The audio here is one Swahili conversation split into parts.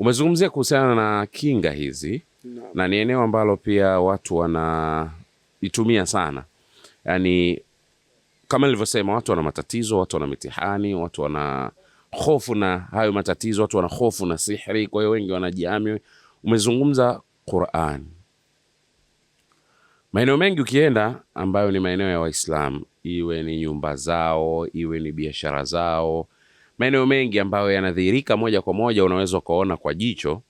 Umezungumzia kuhusiana na kinga hizi no. na ni eneo ambalo pia watu wanaitumia sana, yaani kama nilivyosema, watu wana matatizo, watu wana mitihani, watu wana hofu na hayo matatizo, watu wana hofu na sihri, kwa hiyo wengi wanajihami. Umezungumza Qur'an, maeneo mengi ukienda, ambayo ni maeneo ya Waislamu, iwe ni nyumba zao, iwe ni biashara zao maeneo mengi ambayo yanadhihirika moja kwa moja, unaweza ukaona kwa jicho,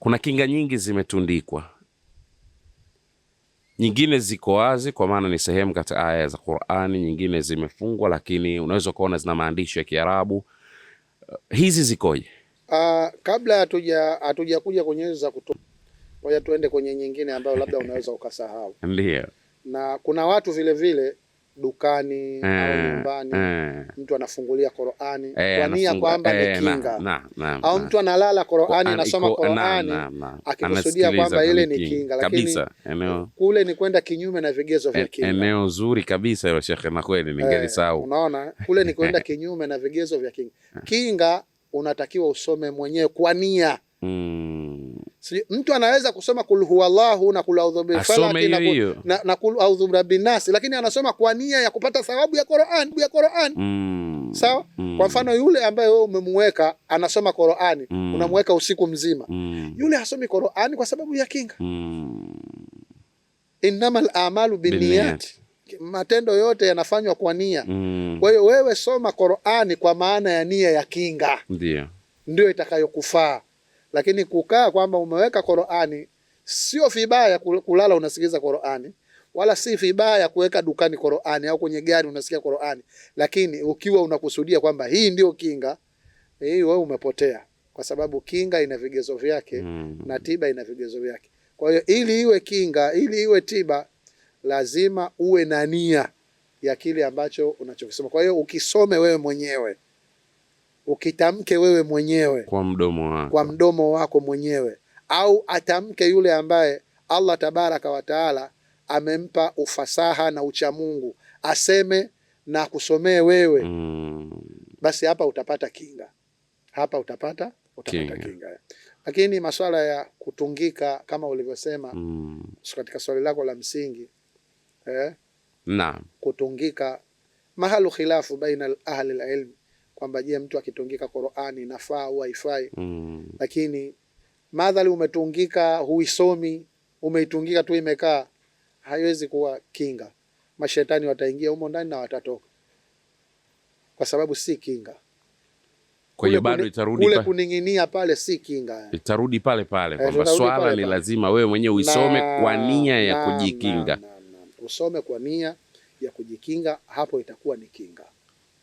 kuna kinga nyingi zimetundikwa, nyingine ziko wazi kwa maana ni sehemu kati aya za Qur'ani, nyingine zimefungwa, lakini unaweza ukaona zina maandishi ya Kiarabu. Hizi zikoje? Uh, kabla hatuja hatujakuja kwenye za kutoa, ngoja tuende kwenye nyingine ambayo labda unaweza ukasahau. Ndio, na kuna watu vile vile dukani au eh, nyumbani, eh. mtu anafungulia Qur'ani eh, kwa nia kwamba ni kinga, au mtu analala Qur'ani anasoma Qur'ani akikusudia kwamba ile ni kinga, lakini kule ni kwenda kinyume na vigezo vya e-, kinga. Eneo zuri kabisa hilo shekhe, na kweli ningelisahau. Unaona, kule ni kwenda kinyume na vigezo vya kinga. Kinga unatakiwa usome mwenyewe kwa nia hmm mtu anaweza kusoma kul huwallahu na kul audhu bil falaki na, na, na kul audhu birabbin nas, lakini anasoma kwa nia ya kupata thawabu ya Qur'an ya Qur'an mm. sawa mm. Kwa mfano yule ambaye wewe umemweka anasoma Qur'ani mm. unamweka usiku mzima mm. yule hasomi Qur'ani kwa sababu ya kinga mm. innamal a'malu binniyati matendo yote yanafanywa kwa nia mm. Kwa hiyo wewe soma Qur'ani kwa maana ya nia ya kinga, ndio ndio itakayokufaa lakini kukaa kwamba umeweka Qur'ani, sio vibaya kulala unasikiliza Qur'ani, wala si vibaya kuweka dukani Qur'ani au kwenye gari unasikia Qur'ani, lakini ukiwa unakusudia kwamba hii ndio kinga, hii wewe umepotea, kwa sababu kinga ina vigezo vyake mm. na tiba ina vigezo vyake. Kwa hiyo ili iwe kinga, ili iwe tiba, lazima uwe na nia ya kile ambacho unachokisoma. Kwa hiyo ukisome wewe mwenyewe ukitamke wewe mwenyewe kwa mdomo wako, kwa mdomo wako mwenyewe, au atamke yule ambaye Allah tabaraka wa taala amempa ufasaha na uchamungu aseme na kusomee wewe mm. Basi hapa utapata kinga, hapa utapata utapata kinga, kinga. Lakini masuala ya kutungika kama ulivyosema mm. katika swali lako la msingi eh? Naam, kutungika mahalu khilafu baina ahli alilm kwamba je, mtu akitungika Qur'ani inafaa au haifai? mm. Lakini madhali umetungika huisomi, umeitungika tu imekaa, haiwezi kuwa kinga. Mashetani wataingia humo ndani na watatoka, kwa sababu si kinga. Kwa hiyo bado itarudi kule kuning'inia pale, si kinga, itarudi pale pale eh, kwamba swala ni lazima wewe mwenyewe uisome kwa nia ya kujikinga, usome kwa nia ya kujikinga, hapo itakuwa ni kinga.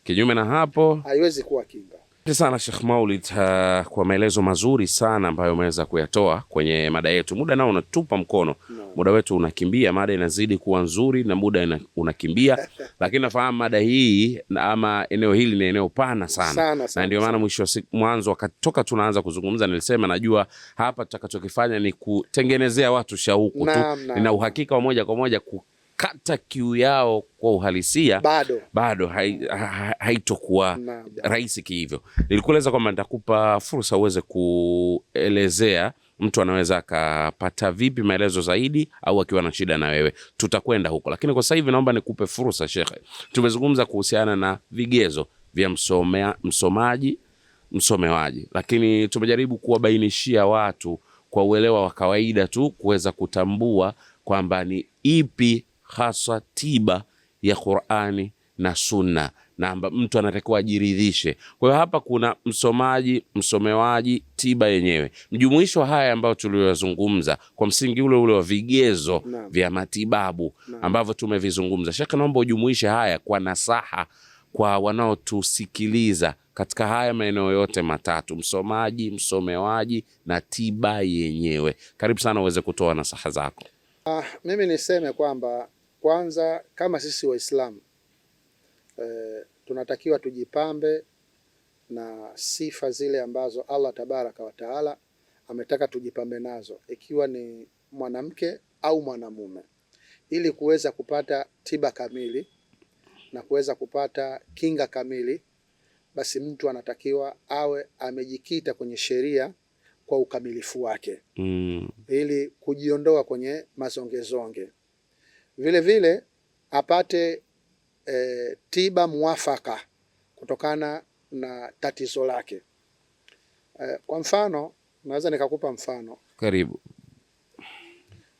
Kinyume na hapo haiwezi kuwa kinga. Asante sana Sheikh Maulid eh, kwa maelezo mazuri sana ambayo umeweza kuyatoa kwenye mada yetu. Muda nao unatupa mkono no. Muda wetu unakimbia, mada inazidi kuwa nzuri na muda ina, unakimbia lakini nafahamu mada hii ama eneo hili ni eneo pana sana, sana, sana na ndio maana mwisho mwanzo toka tunaanza kuzungumza nilisema najua hapa tutakachokifanya ni kutengenezea watu shauku tu, nina uhakika wa moja kwa moja ku kukata kiu yao kwa uhalisia bado, bado haitokuwa ha, hai rahisi kihivyo. Nilikueleza kwamba nitakupa fursa uweze kuelezea mtu anaweza akapata vipi maelezo zaidi, au akiwa na shida na wewe tutakwenda huko, lakini kwa sasa hivi naomba nikupe fursa shekhe. Tumezungumza kuhusiana na vigezo vya msomea, msomaji msomewaji, lakini tumejaribu kuwabainishia watu kwa uelewa wa kawaida tu kuweza kutambua kwamba ni ipi haswa tiba ya Qur'ani na Sunna na amba mtu anatakiwa ajiridhishe. Kwa hiyo hapa kuna msomaji, msomewaji, tiba yenyewe, mjumuisho wa haya ambayo tuliyozungumza kwa msingi ule ule wa vigezo na vya matibabu ambavyo tumevizungumza. shekhe naomba ujumuishe haya kwa nasaha kwa wanaotusikiliza katika haya maeneo yote matatu: msomaji, msomewaji na tiba yenyewe. Karibu sana uweze kutoa nasaha zako. Ah, mimi niseme kwamba kwanza kama sisi Waislamu e, tunatakiwa tujipambe na sifa zile ambazo Allah tabaraka wa taala ametaka tujipambe nazo, ikiwa ni mwanamke au mwanamume, ili kuweza kupata tiba kamili na kuweza kupata kinga kamili, basi mtu anatakiwa awe amejikita kwenye sheria kwa ukamilifu wake mm, ili kujiondoa kwenye mazongezonge vile vile apate e, tiba mwafaka kutokana na tatizo lake. E, kwa mfano naweza nikakupa mfano. Karibu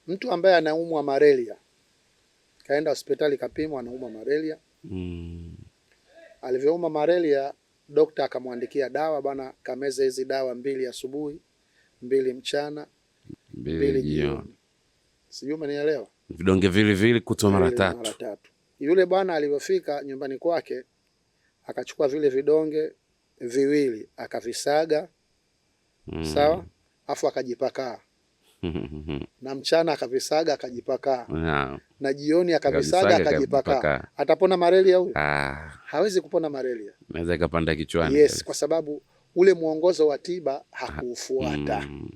mtu ambaye anaumwa malaria kaenda hospitali kapimwa, anaumwa malaria mm. Alivyouma malaria, dokta akamwandikia dawa, bwana kameze hizi dawa mbili asubuhi, mbili mchana, mbili jioni, sijui umenielewa? vidonge vile vile kutwa mara tatu. Yule bwana alivyofika nyumbani kwake akachukua vile vidonge viwili akavisaga, mm. sawa, afu akajipakaa na mchana akavisaga akajipakaa no. na jioni akavisaga akajipakaa. Atapona malaria huyo? Ah. hawezi kupona malaria, naweza ikapanda kichwani. Yes, kwa sababu ule mwongozo wa tiba hakuufuata. Mm.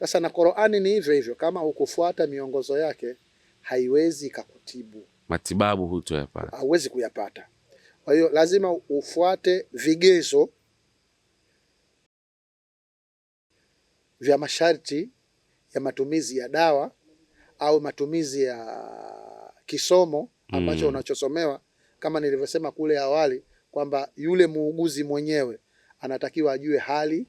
Sasa mm. na Qur'ani ni hivyo hivyo, kama hukufuata miongozo yake haiwezi ikakutibu. Matibabu hutoyapata, hauwezi kuyapata. Kwa hiyo lazima ufuate vigezo vya masharti ya matumizi ya dawa au matumizi ya kisomo ambacho mm, unachosomewa kama nilivyosema kule awali kwamba yule muuguzi mwenyewe anatakiwa ajue hali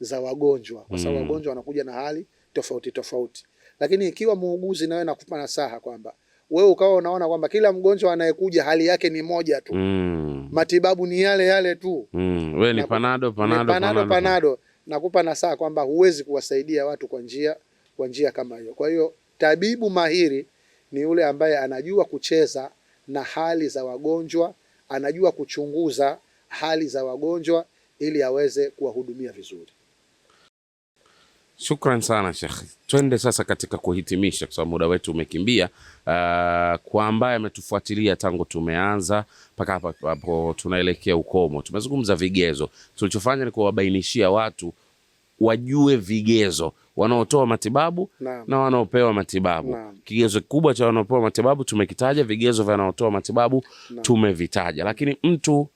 za wagonjwa kwa sababu mm, wagonjwa wanakuja na hali tofauti tofauti. Lakini ikiwa muuguzi nawe nakupa nasaha kwamba wewe ukawa unaona kwamba kila mgonjwa anayekuja hali yake ni moja tu mm. matibabu ni yale yale tu mm. wewe ni panado panado, ni panado, panado. Nakupa nasaha kwamba huwezi kuwasaidia watu kwa njia kwa njia kama hiyo. Kwa hiyo tabibu mahiri ni yule ambaye anajua kucheza na hali za wagonjwa, anajua kuchunguza hali za wagonjwa ili aweze kuwahudumia vizuri. Shukran sana Sheikh. Twende sasa katika kuhitimisha kwa sababu muda wetu umekimbia. Uh, kwa ambaye ametufuatilia tangu tumeanza mpaka hapa hapo tunaelekea ukomo, tumezungumza vigezo. Tulichofanya ni kuwabainishia watu wajue vigezo wanaotoa matibabu na, na wanaopewa matibabu na. Kigezo kikubwa cha wanaopewa matibabu tumekitaja, vigezo vya wanaotoa matibabu na. tumevitaja, lakini mtu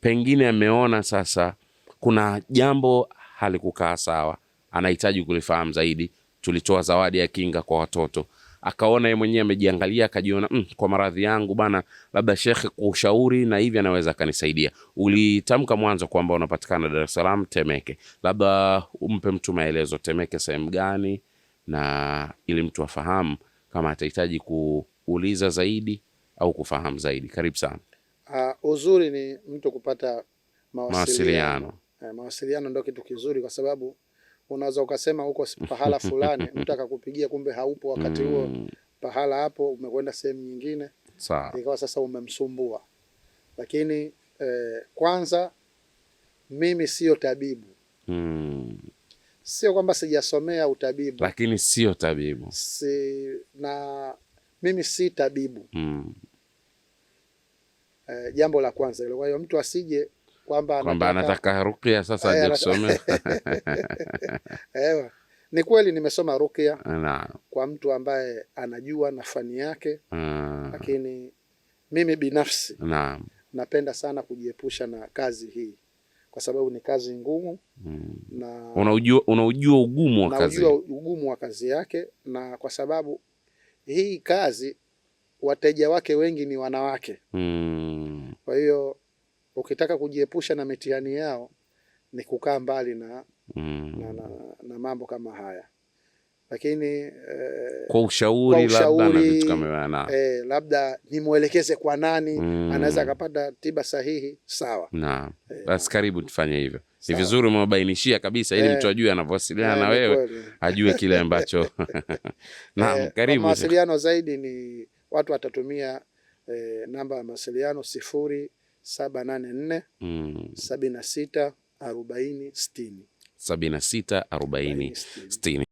pengine ameona sasa kuna jambo halikukaa sawa anahitaji kulifahamu zaidi. Tulitoa zawadi ya kinga kwa watoto, akaona yeye mwenyewe amejiangalia, akajiona mm, kwa maradhi yangu bana, labda shekhe ushauri na hivi anaweza akanisaidia. Ulitamka mwanzo kwamba unapatikana Dar es Salaam Temeke, labda umpe mtu maelezo Temeke sehemu gani, na ili mtu afahamu kama atahitaji kuuliza zaidi au kufahamu zaidi. Karibu sana. Uh, uzuri ni mtu kupata mawasiliano. Mawasiliano, eh, mawasiliano ndio kitu kizuri kwa sababu unaweza ukasema huko pahala fulani mtu akakupigia, kumbe haupo wakati huo mm. pahala hapo, umekwenda sehemu nyingine, ikawa sasa umemsumbua. Lakini eh, kwanza mimi sio tabibu mm. Sio kwamba sijasomea utabibu, lakini sio tabibu si, na mimi si tabibu mm. Eh, jambo la kwanza hilo. Kwa hiyo mtu asije kwamba anataka, anataka rukia sasa aje kusomea. Ewa, ni kweli nimesoma na. kwa mtu ambaye anajua na fani yake, ah. lakini mimi binafsi na. napenda sana kujiepusha na kazi hii kwa sababu ni kazi ngumu mm. na unaujua, unaujua ugumu wa kazi, unaujua ugumu wa kazi yake, na kwa sababu hii kazi wateja wake wengi ni wanawake mm. kwa hiyo ukitaka kujiepusha na mitihani yao ni kukaa mbali na, mm. na, na, na mambo kama haya lakini eh, kwa ushauri, kwa ushauri labda, eh, labda nimwelekeze kwa nani mm. anaweza akapata tiba sahihi. Sawa, eh. basi eh, karibu tufanye hivyo. Ni vizuri umewabainishia kabisa, ili eh, mtu ajue anavyowasiliana eh, na wewe ajue kile ambacho naam. Eh, karibu mawasiliano zaidi ni watu watatumia eh, namba ya mawasiliano sifuri saba nane nne hmm. sabini na sita arobaini sitini sabini na sita arobaini sitini.